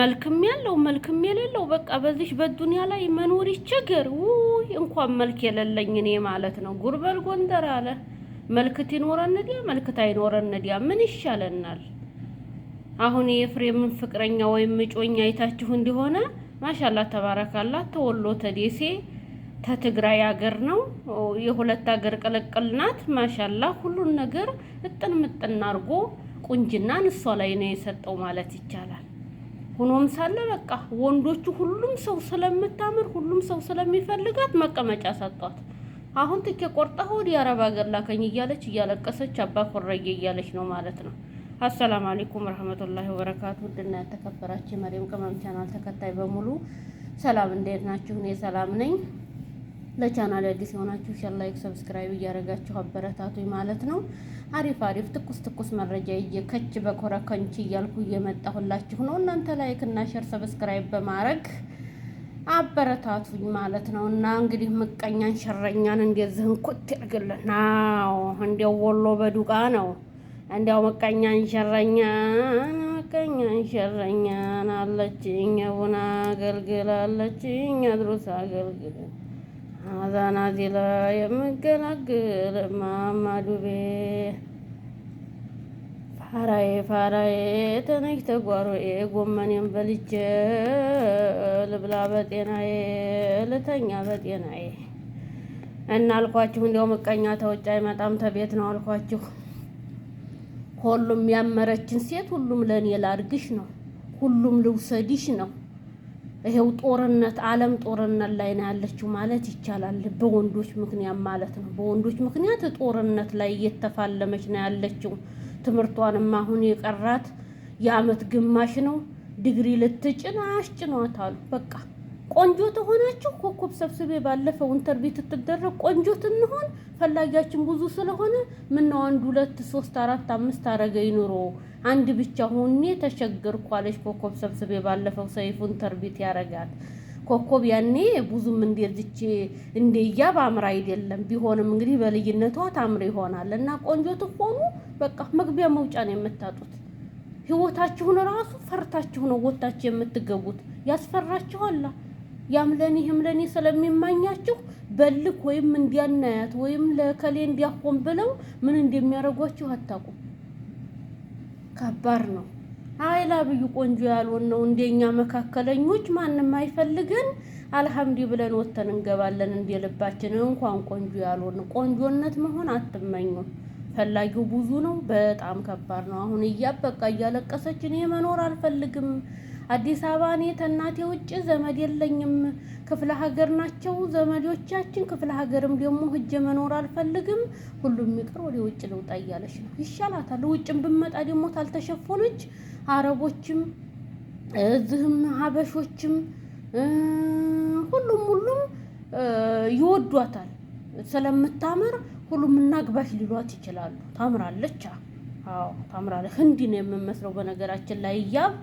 መልክም ያለው መልክም የሌለው በቃ በዚህ በዱንያ ላይ መኖር ይቸገር። ውይ እንኳን መልክ የሌለኝ እኔ ማለት ነው። ጉርበል ጎንደር አለ መልክት ይኖረን ዲያ መልክት አይኖረን ዲያ ምን ይሻለናል? አሁን የኤፍሬምን ፍቅረኛ ወይም እጮኛ አይታችሁ እንዲሆነ ማሻላ ተባረካላ። ተወሎ ተዴሴ ተትግራይ ሀገር ነው። የሁለት ሀገር ቅልቅል ናት። ማሻላ ሁሉን ነገር እጥን ምጥን አድርጎ ቁንጅናን እሷ ላይ ነው የሰጠው ማለት ይቻላል። ሆኖም ሳለ በቃ ወንዶቹ ሁሉም ሰው ስለምታምር ሁሉም ሰው ስለሚፈልጋት መቀመጫ ሰጧት። አሁን ትኬ ቆርጣ ሆድ አረብ ሀገር ላከኝ እያለች እያለቀሰች አባ ኮረጌ እያለች ነው ማለት ነው። አሰላም አለይኩም ረህመቱላሂ ወበረካቱ። ውድና የተከበራችሁ የመሪም ቅመም ቻናል ተከታይ በሙሉ ሰላም፣ እንዴት ናችሁ? እኔ ሰላም ነኝ። ለቻናል አዲስ የሆናችሁ ሸር፣ ላይክ፣ ሰብስክራይብ እያደረጋችሁ አበረታቱኝ ማለት ነው። አሪፍ አሪፍ ትኩስ ትኩስ መረጃ ይዤ ከች በኮረ ከንች እያልኩ እየመጣሁላችሁ ነው። እናንተ ላይክ እና ሸር ሰብስክራይብ በማድረግ አበረታቱኝ ማለት ነው። እና እንግዲህ ምቀኛን ሸረኛን እንደዚህ እንኩት ያርግልን። አዎ እንዲያው ወሎ በዱቃ ነው። እንዲያው ምቀኛን ሸረኛን ምቀኛን ሸረኛን አለችኝ ቡና አገልግላለችኝ አድሮስ አገልግል አዛናዚላ የምገላግል እማማ ዱቤ ፋራዬ ፋራዬ ተነሽ ተጓሮዬ ጎመኔን በልቼ ልብላ በጤናዬ ልተኛ በጤናዬ እና አልኳችሁ። እንዲያው ምቀኛ ተውጭ አይመጣም ተቤት ነው አልኳችሁ። ሁሉም ያመረችን ሴት ሁሉም ለእኔ ላድግሽ ነው፣ ሁሉም ልውሰድሽ ነው ይሄው ጦርነት ዓለም ጦርነት ላይ ነው ያለችው ማለት ይቻላል። በወንዶች ምክንያት ማለት ነው። በወንዶች ምክንያት ጦርነት ላይ እየተፋለመች ነው ያለችው። ትምህርቷንም አሁን የቀራት የአመት ግማሽ ነው። ድግሪ ልትጭን አስጭኗታል በቃ ቆንጆ ተሆናችሁ ኮከብ ሰብስቤ ባለፈው ኢንተርቪው ትትደረግ ቆንጆ ትንሆን ፈላጊያችን ብዙ ስለሆነ ምነው አንድ ሁለት ሶስት አራት አምስት አረገ ይኑሮ አንድ ብቻ ሆኔ ተቸገርኩ አለች ኮከብ ሰብስቤ ባለፈው ሰይፉ ኢንተርቪው ያረጋል። ኮኮብ ያኔ ብዙም እንደዚች እንደያ ባምራ አይደለም ቢሆንም እንግዲህ በልዩነቷ ታምር ይሆናል። እና ቆንጆ ትሆኑ በቃ መግቢያ መውጫ ነው የምታጡት። ህይወታችሁን ራሱ ፈርታችሁ ነው ወታችሁ የምትገቡት። ያስፈራችኋላ። ያም ለኔ ይህም ለኔ ስለሚማኛችሁ በልክ ወይም እንዲያናያት ወይም ለከሌ እንዲያቆም ብለው ምን እንደሚያደርጓችሁ አታውቁም። ከባድ ነው። አይ ላብዩ ቆንጆ ያልሆን ነው። እንደኛ መካከለኞች ማንም አይፈልግን። አልሐምዲ ብለን ወተን እንገባለን። እንደልባችን እንኳን ቆንጆ ያልሆን ቆንጆነት መሆን አትመኙም። ፈላጊው ብዙ ነው። በጣም ከባድ ነው። አሁን እያበቃ እያለቀሰች እኔ መኖር አልፈልግም፣ አዲስ አበባ እኔ ተናቴ ውጭ ዘመድ የለኝም፣ ክፍለ ሀገር ናቸው ዘመዶቻችን፣ ክፍለ ሀገርም ደግሞ ህጀ መኖር አልፈልግም፣ ሁሉም የሚቀር ወደ ውጭ ልውጣ እያለች ነው። ይሻላታል። ውጭም ብመጣ ደግሞ ታልተሸፈኖች አረቦችም እዚህም ሀበሾችም ሁሉም ሁሉም ይወዷታል ስለምታምር ሁሉም እናግባሽ ሊሏት ይችላሉ። ታምራለች። አዎ ታምራለች። ህንዲ ነው የምመስለው በነገራችን ላይ እያብ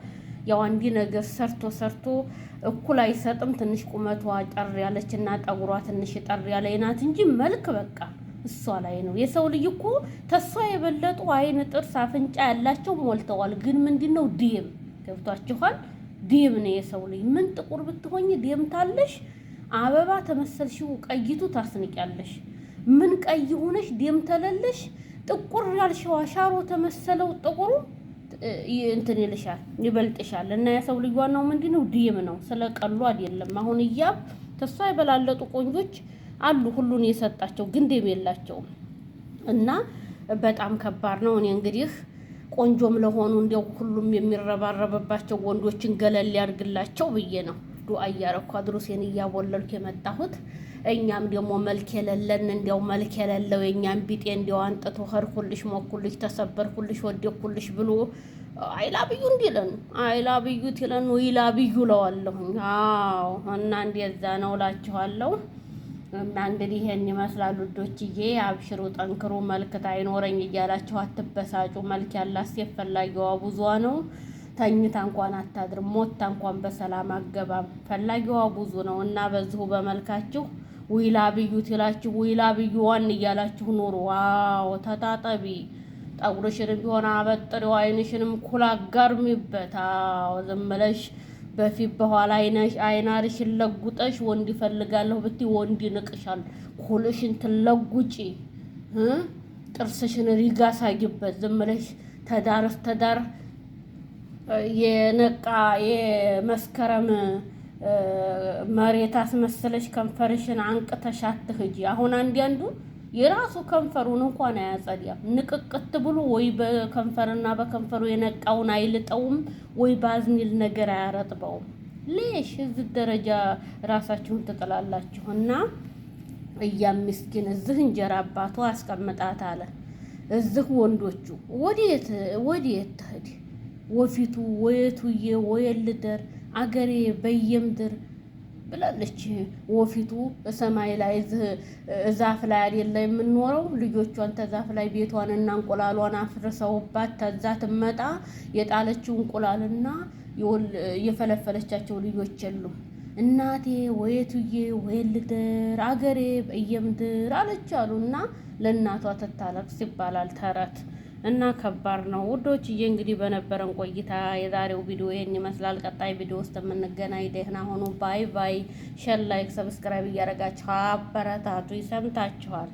ያው አንዲ ነገር ሰርቶ ሰርቶ እኩል አይሰጥም። ትንሽ ቁመቷ ጠር ያለች እና ጠጉሯ ትንሽ ጠር ያለ ናት እንጂ መልክ በቃ እሷ ላይ ነው። የሰው ልጅ እኮ ተሷ የበለጡ አይን፣ ጥርስ፣ አፍንጫ ያላቸው ሞልተዋል። ግን ምንድን ነው ዴም ገብቷችኋል? ዴም ነው የሰው ልጅ። ምን ጥቁር ብትሆኝ ዴም ታለሽ፣ አበባ ተመሰልሽው፣ ቀይቱ ታስንቂያለሽ። ምን ቀይ ሆነሽ ደም ተለለሽ ጥቁር ያልሽው አሻሮ ተመሰለው ጥቁሩ እንትን ይልሻል ይበልጥሻል። እና ያ ሰው ልጅ ዋናው ምንድን ነው? ደም ነው። ስለ ቀሉ አይደለም። አሁን እያብ ተሷ የበላለጡ ቆንጆች አሉ፣ ሁሉን የሰጣቸው ግን ደም የላቸውም። እና በጣም ከባድ ነው። እኔ እንግዲህ ቆንጆም ለሆኑ እንዲያው ሁሉም የሚረባረብባቸው ወንዶችን ገለል ያድርግላቸው ብዬ ነው ዱአ እያረኩ አድሩሴን እያቦለልኩ የመጣሁት። እኛም ደግሞ መልክ የለለን እንዲያው መልክ የለለው የእኛም ቢጤ እንዲያው አንጥቶ ኸርኩልሽ፣ ሞኩልሽ፣ ተሰበርኩልሽ፣ ወደኩልሽ ብሎ አይላብዩ እንዲለን አይላብዩ ትለን ይላብዩ ለዋለሁኝ። አዎ እና እንደዛ ነው እላችኋለሁ። እና እንግዲህ ይሄን ይመስላል ውዶችዬ፣ አብሽሩ፣ ጠንክሩ። መልክት አይኖረኝ እያላችሁ አትበሳጩ። መልክ ያላት ሴት ፈላጊዋ ብዙ ነው። ተኝታ እንኳን አታድር፣ ሞታ እንኳን በሰላም አገባም። ፈላጊዋ ብዙ ነው እና በዚሁ በመልካችሁ ውይላ ብዩ ትላችሁ ውይላ ብዩ ዋን እያላችሁ ኑሩ። ዋው ተጣጠቢ፣ ጠጉርሽንም ቢሆን አበጥሪው፣ አይንሽንም ኩላ ጋርሚበት። አዎ ዝም ብለሽ በፊት በኋላ አይነሽ አይናርሽን ለጉጠሽ ወንድ ይፈልጋለሁ ብትይ ወንድ ይንቅሻል። ኩልሽን ትለጉጪ እ ጥርስሽን ሪጋ ሳይበት ዝም ብለሽ ተዳርስ ተዳር የነቃ የመስከረም መሬት አስመስለሽ ከንፈርሽን አንቅተሽ አትሂጂ። አሁን አንዳንዱ የራሱ ከንፈሩን እንኳን አያጸዳም። ንቅቅት ብሎ ወይ በከንፈርና በከንፈሩ የነቃውን አይልጠውም፣ ወይ በአዝሚል ነገር አያረጥበውም። ሌሽ እዚህ ደረጃ ራሳችሁን ትጥላላችሁ። እና እያም ምስኪን እዚህ እንጀራ አባቷ አስቀምጣት አለ እዚህ ወንዶቹ ወዴት ወዴት ትሂድ ወፊቱ ወየቱዬ ወየልደር አገሬ በየምድር ብላለች። ወፊቱ በሰማይ ላይ ዛፍ ላይ አይደለ የምንኖረው? ልጆቿን ተዛፍ ላይ ቤቷንና እንቁላሏን አፍርሰውባት ተዛ ትመጣ የጣለችው እንቁላልና የፈለፈለቻቸው ልጆች የሉም። እናቴ ወየቱዬ ወየልደር አገሬ በየምድር አለች አሉ እና ለእናቷ ትታለቅስ ይባላል ተረት እና ከባድ ነው ውዶችዬ። እንግዲህ በነበረን ቆይታ የዛሬው ቪዲዮ ይህን ይመስላል። ቀጣይ ቪዲዮ ውስጥ የምንገናኝ ደህና ሆኖ ባይ ባይ። ሸር፣ ላይክ፣ ሰብስክራይብ እያደረጋችሁ አበረታቱ። ይሰምታችኋል።